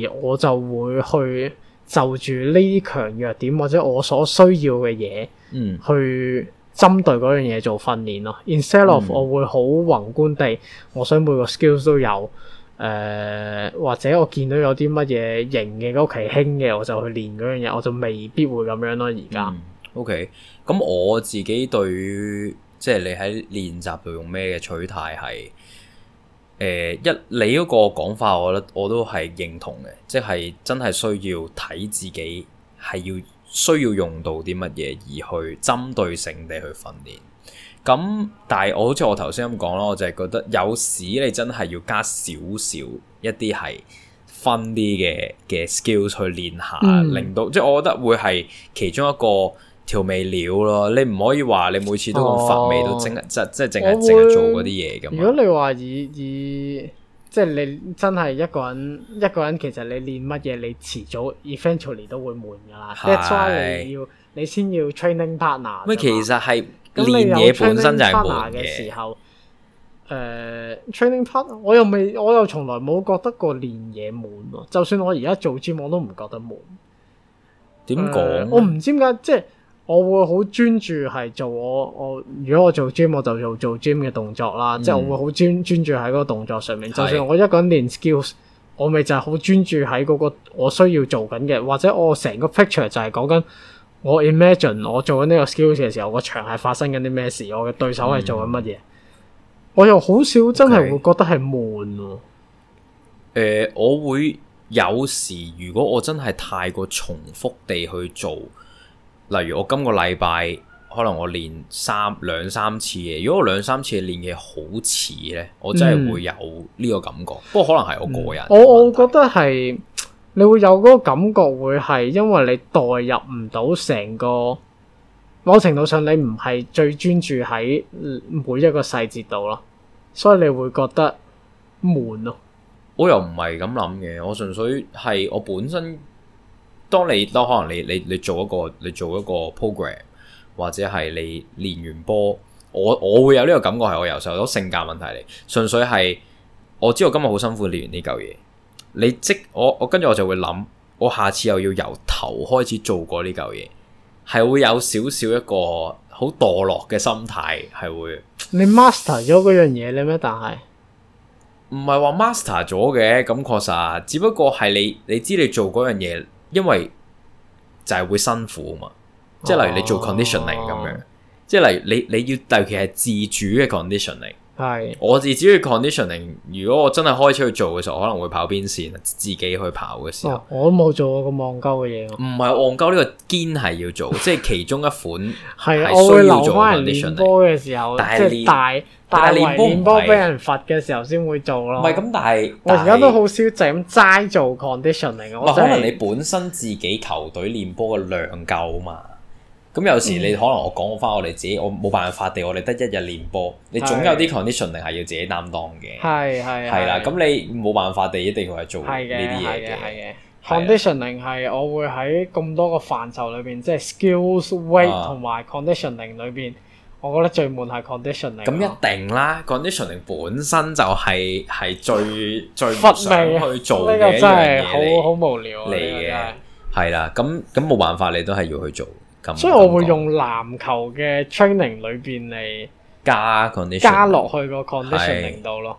而我就會去就住呢啲強弱點或者我所需要嘅嘢，嗯去，去針對嗰樣嘢做訓練咯。Instead of 我會好宏觀地，我想每個 skills 都有，誒、呃、或者我見到有啲乜嘢型嘅、嗰個時興嘅，我就去練嗰樣嘢，我就未必會咁樣咯。而家。嗯 O.K. 咁我自己對於即係、就是、你喺練習度用咩嘅取態係誒、呃、一你嗰個講法，我覺得我都係認同嘅，即、就、係、是、真係需要睇自己係要需要用到啲乜嘢而去針對性地去訓練。咁但係我好似我頭先咁講咯，我就係覺得有時你真係要加少少一啲係分啲嘅嘅 skills 去練下，嗯、令到即係我覺得會係其中一個。調味料咯，你唔可以話你每次都咁發味，啊、都整即即淨係淨係做嗰啲嘢噶嘛。如果你話以以即係你真係一個人一個人，一個人其實你練乜嘢，你遲早 eventually 都會悶噶啦。That's why 你要，你先要 training partner。咩？其實係練嘢本身就係悶嘅。誒、呃、，training partner，我又未我又從來冇覺得過練嘢悶咯。就算我而家做 gym，我都唔覺得悶。點講、呃？我唔知點解即係。我會好專注係做我我，如果我做 gym 我就做做 gym 嘅動作啦，嗯、即係我會好專專注喺嗰個動作上面。是就算我一個人練 skills，我咪就係好專注喺嗰個我需要做緊嘅，或者我成個 picture 就係講緊我 imagine 我做緊呢個 skills 嘅時候，個場係發生緊啲咩事，我嘅對手係做緊乜嘢。嗯、我又好少真係會覺得係悶，啊。誒、嗯 okay 呃，我會有時如果我真係太過重複地去做。例如我今個禮拜可能我練三兩三次嘅。如果我兩三次練嘢好似呢，我真係會有呢個感覺。嗯，不過可能係我個人，我我覺得係你會有嗰個感覺，會係因為你代入唔到成個某程度上，你唔係最專注喺每一個細節度咯，所以你會覺得悶咯，啊。我又唔係咁諗嘅，我純粹係我本身。當你當可能你你你做一個你做一個 program 或者係你練完波，我我會有呢個感覺係我由細都性格問題嚟，純粹係我知道我今日好辛苦練完呢嚿嘢，你即我我跟住我就會諗，我下次又要由頭開始做過呢嚿嘢，係會有少少一個好墮落嘅心態，係會你 master 咗嗰樣嘢你咩？但係唔係話 master 咗嘅，咁確實只不過係你你知你做嗰樣嘢。因為就係會辛苦啊嘛，即係例如你做 conditioning 咁樣，啊、即係例如你你要尤其係自主嘅 conditioning。係，是我自至於 conditioning，如果我真係開始去做嘅時候，可能會跑邊線，自己去跑嘅時候，哦、我都冇做過咁戇鳩嘅嘢。唔係戇鳩呢個堅係要做， <laughs> 即係其中一款係需要做 conditioning 嘅時候。但係是練，但係練波俾人罰嘅時候先會做咯。唔係咁，但係我而家都好少 ing, 是就咁齋做 conditioning。唔係可能你本身自己球隊練波嘅量夠嘛？咁有時你可能我講翻我哋自己，我冇辦法地，我哋得一日練波，你總有啲 conditioning 係要自己擔當嘅。係係係啦，咁你冇辦法地一定要係做呢啲嘢嘅。conditioning 係我會喺咁多個範疇裏邊，即係 skills、weight 同埋 conditioning 裏邊，我覺得最悶係 conditioning。咁一定啦，conditioning 本身就係係最最唔想去做嘅一樣嘢嚟嘅。係啦，咁咁冇辦法，你都係要去做。所以我會用籃球嘅 training 裏邊嚟加加落去個 conditioning 度咯，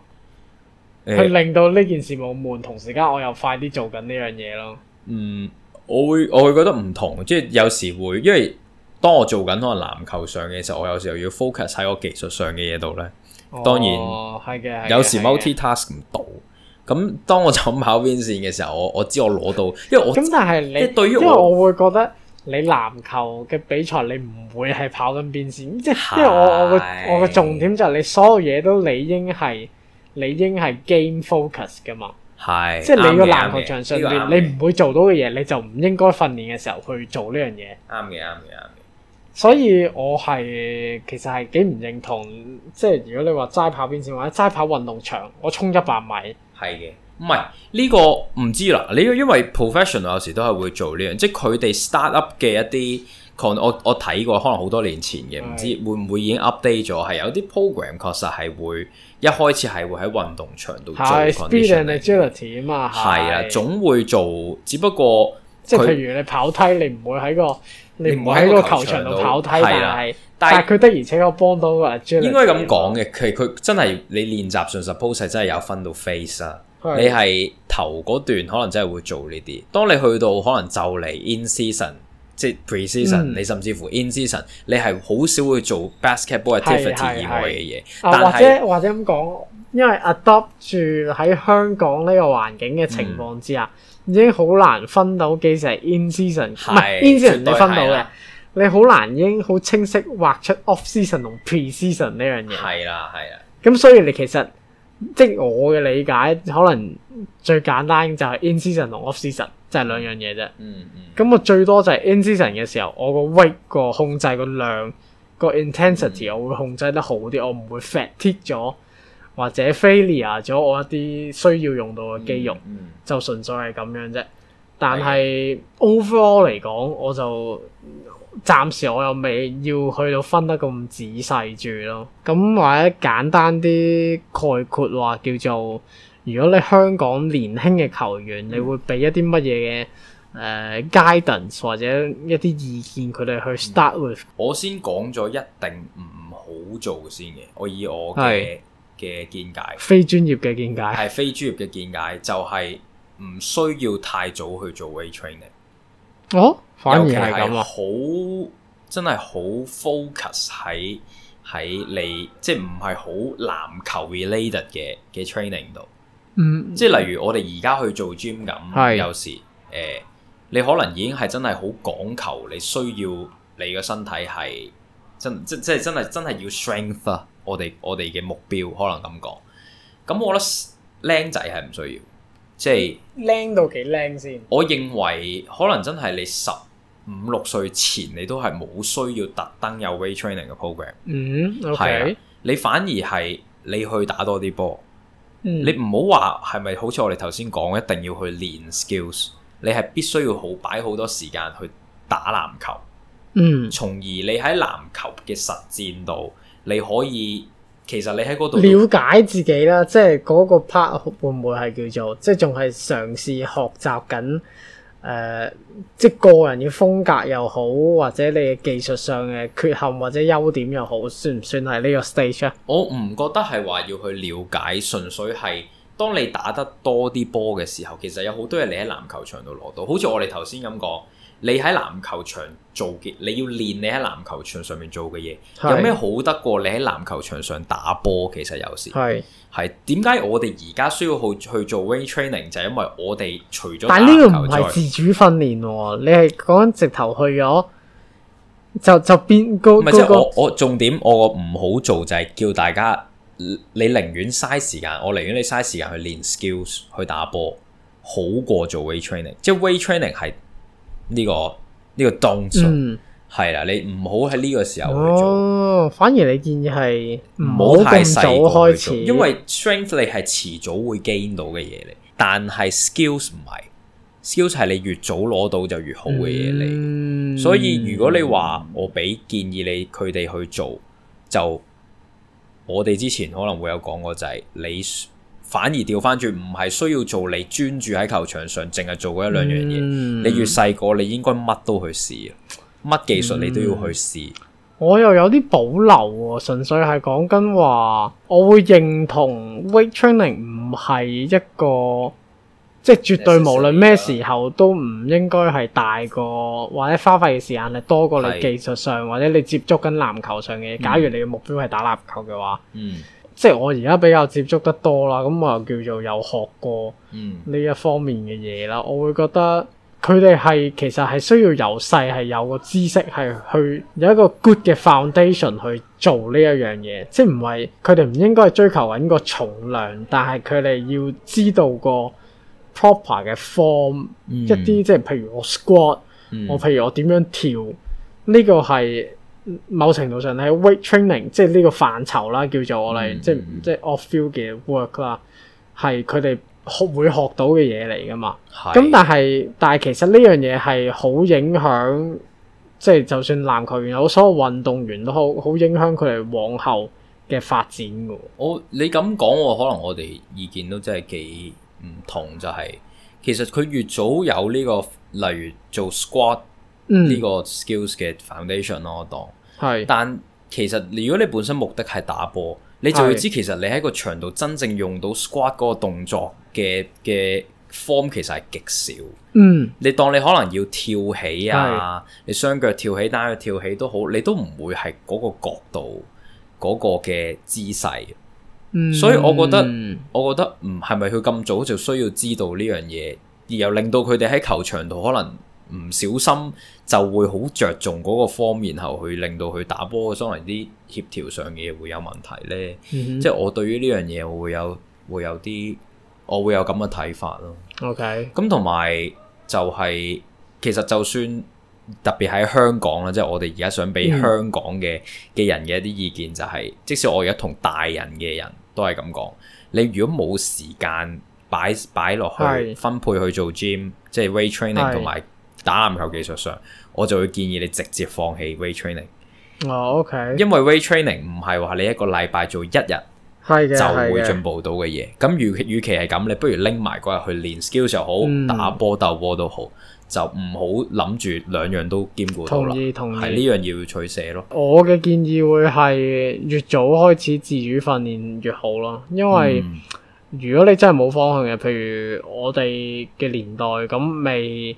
的去令到呢件事冇悶，同時間我又快啲做緊呢樣嘢咯。嗯，我會我會覺得唔同，即係有時會，因為當我做緊我籃球上嘅時候，我有時候要 focus 喺我技術上嘅嘢度咧。當然，係嘅、哦，有時 multi task 唔到。咁當我跑邊線嘅時候，我我知我攞到，因為我咁但係你因為對於我我會覺得。你籃球嘅比賽你唔會係跑緊邊線，即係的因為我我個我個重點就係你所有嘢都理應係理應係 game focus 噶嘛，係的，即係你個籃球場上邊的你唔會做到嘅嘢，你就唔應該訓練嘅時候去做呢樣嘢。啱嘅，啱嘅，啱嘅。所以我係其實係幾唔認同，即係如果你話齋跑邊線或者齋跑運動場，我衝一百米係嘅。唔係呢個唔知啦，你因為 professional 有時都係會做呢樣，即係佢哋 start up 嘅一啲 con，我我睇過可能好多年前嘅，唔知會唔會已經 update 咗，係有啲 program 確實係會一開始係會喺運動場做是度做 speed and agility 啊嘛，係啊，啊總會做，只不過即係譬如你跑梯你，你唔會喺個你唔會喺個球場度跑梯，但係但係佢的而且確幫到個應該咁講嘅，其實佢吧真係你練習上 suppose 係真係有分到 face 啊。是你係頭嗰段可能真係會做呢啲，當你去到可能就嚟 in、嗯、season 即 preseason 你甚至乎 in season 你係好少會做 basketball activity 以外嘅嘢。但係、呃、或者或者咁講，因為 adopt 住喺香港呢個環境嘅情況之下，嗯、已經好難分到幾時係 in 是 season 唔係 in season 你分到嘅，你好難已經好清晰畫出 off season 同 preseason 呢樣嘢。係啦係啦，咁所以你其實。即係我嘅理解，可能最簡單就係 in season 同 off season 就係兩樣嘢啫。咁、嗯嗯、我最多就係 in season 嘅時候，我個 weight 個控制個量個 intensity，我會控制得好啲，我唔會 fatigue 咗或者 failure 咗我一啲需要用到嘅肌肉，嗯嗯、就純粹係咁樣啫。但係 overall 嚟講，我就。暫時我又未要去到分得咁仔細住咯，咁或者簡單啲概括話叫做，如果你香港年輕嘅球員，嗯、你會俾一啲乜嘢嘅誒 guidance 或者一啲意見佢哋去 start with、嗯。我先講咗一定唔好做先嘅，我以我嘅嘅是見解，非專業嘅見解，係非專業嘅見解，就係唔需要太早去做 weight training。Tra 哦。尤其係咁咯，好真係好 focus 喺喺你，即係唔係好籃球 related 嘅嘅 training 度。Tra 嗯，即係例如我哋而家去做 gym 咁，是有時誒、呃，你可能已經係真係好講求，你需要你個身體係真即即係真係真係要 strength 啊、嗯！我哋我哋嘅目標可能咁講。咁我覺得靚仔係唔需要，即係靚到幾靚先？我認為可能真係你十。五六歲前，你都係冇需要特登有 weight training 嘅 program。嗯，係、okay. 你反而係你去打多啲波，嗯、你唔好話係咪好似我哋頭先講，一定要去練 skills。你係必須要好擺好多時間去打籃球。嗯，從而你喺籃球嘅實戰度，你可以其實你喺嗰度了解自己啦。即係嗰個 part 會唔會係叫做即係仲係嘗試學習緊？誒、呃，即係個人嘅風格又好，或者你技術上嘅缺陷或者優點又好，算唔算係呢個 stage 啊？我唔覺得係話要去了解，純粹係當你打得多啲波嘅時候，其實有好多嘢你喺籃球場度攞到。好似我哋頭先咁講，你喺籃球場做嘅，你要練你喺籃球場上面做嘅嘢，是有咩好得過你喺籃球場上打波？其實有時。係點解我哋而家需要去去做 weight training？就係因為我哋除咗，但係呢個唔係自主訓練喎，你係講直頭去咗，就就變高，唔係即係我我重點我唔好做就係叫大家，你寧願嘥時間，我寧願你嘥時間去練 skills 去打波，好過做 weight training。即係 weight training 係呢、這個呢、這個 d 係啦，你唔好喺呢個時候去做，哦。反而你建議係唔好太早開始，因為 strength 你係遲早會 gain 到嘅嘢嚟，但係 skills 唔係 skills 係你越早攞到就越好嘅嘢嚟。嗯、所以如果你話我俾建議你，佢哋去做，就我哋之前可能會有講過就係，你反而掉翻轉，唔係需要做，你專注喺球場上，淨係做嗰一兩樣嘢。嗯、你越細個，你應該乜都去試。乜技術你都要去試？嗯，我又有啲保留啊，純粹係講緊話，我會認同 weight training 唔係一個，即係絕對無論咩時候都唔應該係大過或者花費嘅時間係多過你技術上或者你接觸緊籃球上嘅嘢。假如你嘅目標係打籃球嘅話，嗯，即係我而家比較接觸得多啦，咁我又叫做有學過，嗯，呢一方面嘅嘢啦，我會覺得。佢哋係其實係需要由細係有個知識係去有一個 good 嘅 foundation 去做呢一樣嘢，即係唔係佢哋唔應該係追求揾個重量，但係佢哋要知道個 proper 嘅 form、嗯、一啲即係譬如我 squat、嗯、我譬如我點樣跳，呢、呢個係某程度上係 weight training 即係呢個範疇啦，叫做我哋、嗯、即、嗯、即 off field 嘅 work 啦，係佢哋。學會學到嘅嘢嚟噶嘛？咁是但係但係，其實呢樣嘢係好影響，即係就算籃球員有所有運動員都好，好影響佢哋往後嘅發展噶。我、哦、你咁講，可能我哋意見都真係幾唔同，就係其實佢越早有呢個，例如做 Squat 呢個 Skills 嘅 Foundation 咯、嗯，我當係。是但其實如果你本身目的係打波。你就會知其實你喺個場度真正用到 squat 嗰個動作嘅嘅 form 其實係極少。嗯，你當你可能要跳起啊，是你雙腳跳起、單腳跳起都好，你都唔會係嗰個角度、嗰、嗰個嘅姿勢。嗯，所以我覺得，我覺得唔係咪佢咁早就需要知道呢樣嘢，而又令到佢哋喺球場度可能，唔小心就會好着重嗰個方面，然後去令到佢打波，可能啲協調上嘅嘢會有問題咧。Mm hmm. 即係我對於呢樣嘢會有會有啲，我會有咁嘅睇法咯。OK，咁同埋就係、是、其實就算特別喺香港啦，即係我哋而家想俾香港嘅嘅人嘅一啲意見、就是，就係、mm hmm. 即使我而家同大人嘅人都係咁講，你如果冇時間擺擺落去分配去做 gym，Yes. 即係 weight training 同埋。打籃球技術上，我就會建議你直接放棄 weight training。哦、oh，OK，因為 weight training 唔係話你一個禮拜做一日的，係嘅就會進步到嘅嘢。咁如的與其，與其係咁，你不如拎埋嗰日去練 skills 又好，嗯、打波鬥波都好，就唔好諗住兩樣都兼顧到。同意同意，係呢樣嘢要取捨咯。我嘅建議會係越早開始自主訓練越好咯，因為如果你真係冇方向嘅，譬如我哋嘅年代咁未。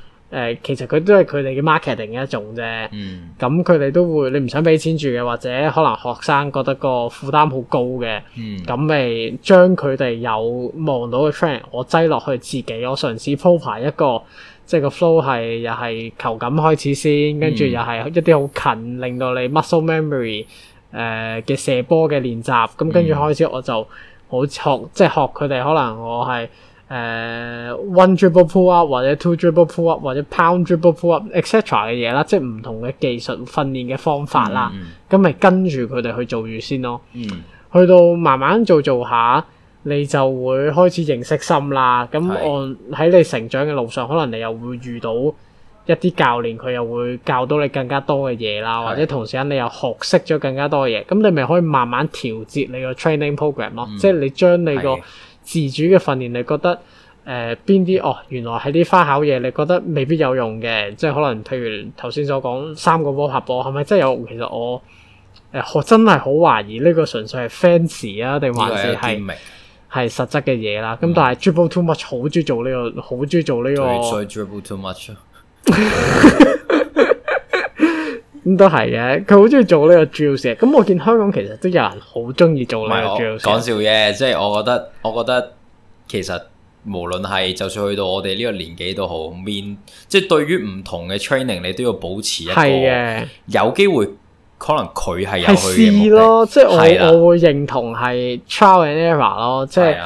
誒、呃，其實佢都係佢哋嘅 marketing 一種啫。咁佢哋都會，你唔想俾錢住嘅，或者可能學生覺得個負擔好高嘅。咁咪將佢哋有望到嘅 friend 我擠落去自己，我嘗試鋪排一個，即係個 flow 係又係球感開始先，跟住又係一啲好近，令到你 muscle memory 誒、呃、嘅射波嘅練習。咁、嗯嗯、跟住開始，我就好學，即係學佢哋，可能我係。誒 one dribble pull up 或者 two dribble pull up 或者 pound dribble pull up etc 嘅嘢啦，即係唔同嘅技術訓練嘅方法啦，咁咪跟住佢哋去做住先咯。嗯，去到慢慢做做下，你就會開始認識深啦。咁按喺你成長嘅路上，可能你又會遇到一啲教練，佢又會教到你更加多嘅嘢啦，或者同時間你又學識咗更加多嘅嘢，咁你咪可以慢慢調節你個 training program 咯，即係你將你個。自主嘅訓練，你覺得誒邊啲？哦，原來喺啲花巧嘢，你覺得未必有用嘅。即係可能，譬如頭先所講三個波拍波，係咪真有？其實我誒、呃，我真係好懷疑呢個純粹係 fancy 啊，定還是係係實質嘅嘢啦。咁、嗯嗯、但係 dribble too much 好鍾意做呢、這個，好鍾意做呢、這個。dribble too much 啊。 <laughs> 都係嘅，佢好中意做呢個 drill。咁我見香港其實都有人好中意做呢個 drill。講笑嘅，即係我覺得，我覺得其實無論係就算去到我哋呢個年紀都好，面的即係對於唔同嘅 training，你都要保持一個，有機會，可能佢係係試咯。即係我的我會認同係 trial and error 咯。的即係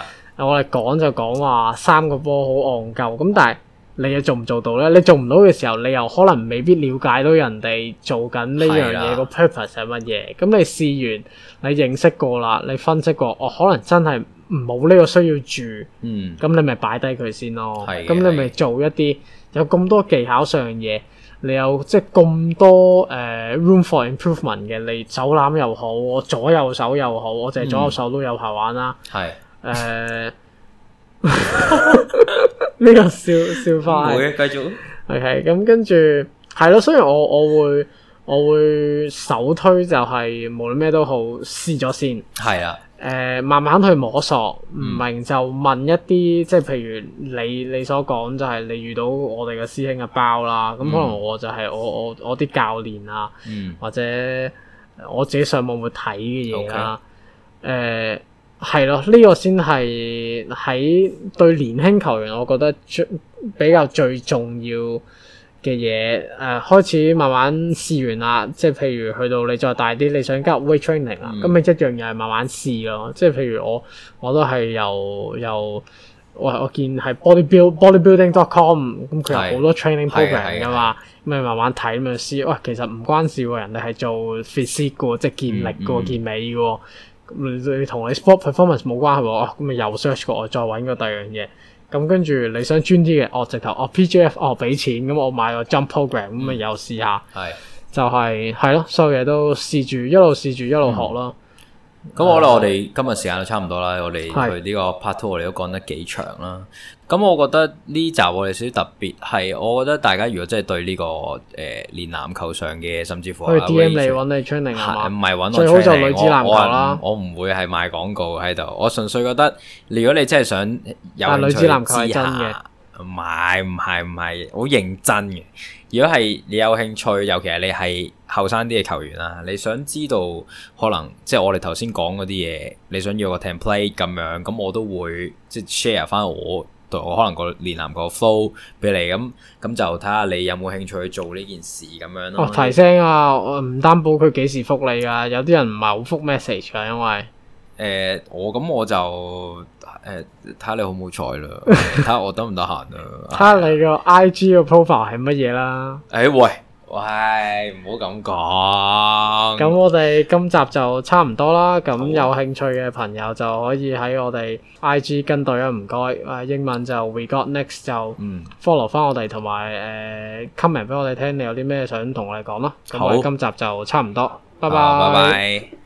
我哋講就講話三個波好戇鳩咁，的但係。你又做唔做到咧？你做唔到嘅時候，你又可能未必了解到人哋做緊呢樣嘢個 purpose 係乜嘢。咁的你試完，你認識過啦，你分析過，哦，可能真係冇呢個需要住。嗯，咁你咪擺低佢先咯。係的，咁你咪做一啲有咁多技巧上嘅嘢，你有即係咁多誒 room for improvement 嘅，你手攬又好，我左右手又好，我淨係左右手都有排玩啦。係、嗯，誒。呃呢 <laughs> 個笑笑話，唔會繼續。OK，咁跟住係咯。雖然我我會我會首推就係、是、無論咩都好，先試咗先。係啊，誒、呃，慢慢去摸索，唔、嗯、明就問一啲，即係譬如你你所講就係你遇到我哋嘅師兄嘅包啦。咁可能我就係我、嗯、我我啲教練啊，嗯、或者我自己上網會睇嘅嘢啊，誒 Okay.、呃。係咯，呢、這個先係喺對年輕球員，我覺得最比較最重要嘅嘢。誒、呃，開始慢慢試完啦，即係譬如去到你再大啲，你想加入 weight training 啊、嗯，咁咪一樣又係慢慢試咯。即係譬如我，我都係由由，哇！我見係 body build body building dot com，咁佢有好多 training program 噶嘛，咪慢慢睇咁樣試。哇，其實唔關事喎，人哋係做 physique 嘅，即係健力嘅，嗯、健美嘅。你同你 sport performance 冇關係喎，咁、啊、咪又 search 過，再搵個第二樣嘢。咁跟住你想專啲嘅，哦、啊，直頭哦、啊、PGF 哦、啊，俾錢，咁、啊、我買個 jump program，咁、啊、咪又試下。係，就係，係咯，所有嘢都試住，一路試住，一路學咯。嗯。咁好啦，嗯、我哋今日時間、啊、都差唔多啦，我哋去呢個 part two，我哋都講得幾長啦。咁我覺得呢集我哋少少特別，係我覺得大家如果真係對呢、這個誒，練、呃、籃球上嘅甚至乎、啊，去 D M 嚟搵你 training 係唔係搵我 training, 最好就女子籃球啦。我唔會係賣廣告喺度，我純粹覺得，如果你真係想有女子籃球，買唔係唔係好認真嘅。如果係你有興趣，尤其係你係後生啲嘅球員啊，你想知道可能即係我哋頭先講嗰啲嘢，你想要個 template 咁樣，咁我都會即係 share 翻我我可能個練籃球 flow 俾你咁，咁就睇下你有冇興趣去做呢件事咁樣咯。哦，提醒啊！所以，我唔擔保佢幾時復你㗎，有啲人唔係好復 message 啊，因為。誒、呃，我咁我就誒睇下你好唔好彩啦，睇下我得唔得閒啦，睇下你個 I G 嘅 profile 係乜嘢啦。誒喂喂，唔好咁講。咁我哋今集就差唔多啦。咁有興趣嘅朋友就可以喺我哋 I G 跟隊啊。唔該，誒英文就 We got next 就 follow 翻我哋，同埋誒 comment 俾我哋聽你有啲咩想同我哋講咯。好，我哋今集就差唔多，拜拜。Uh, bye bye.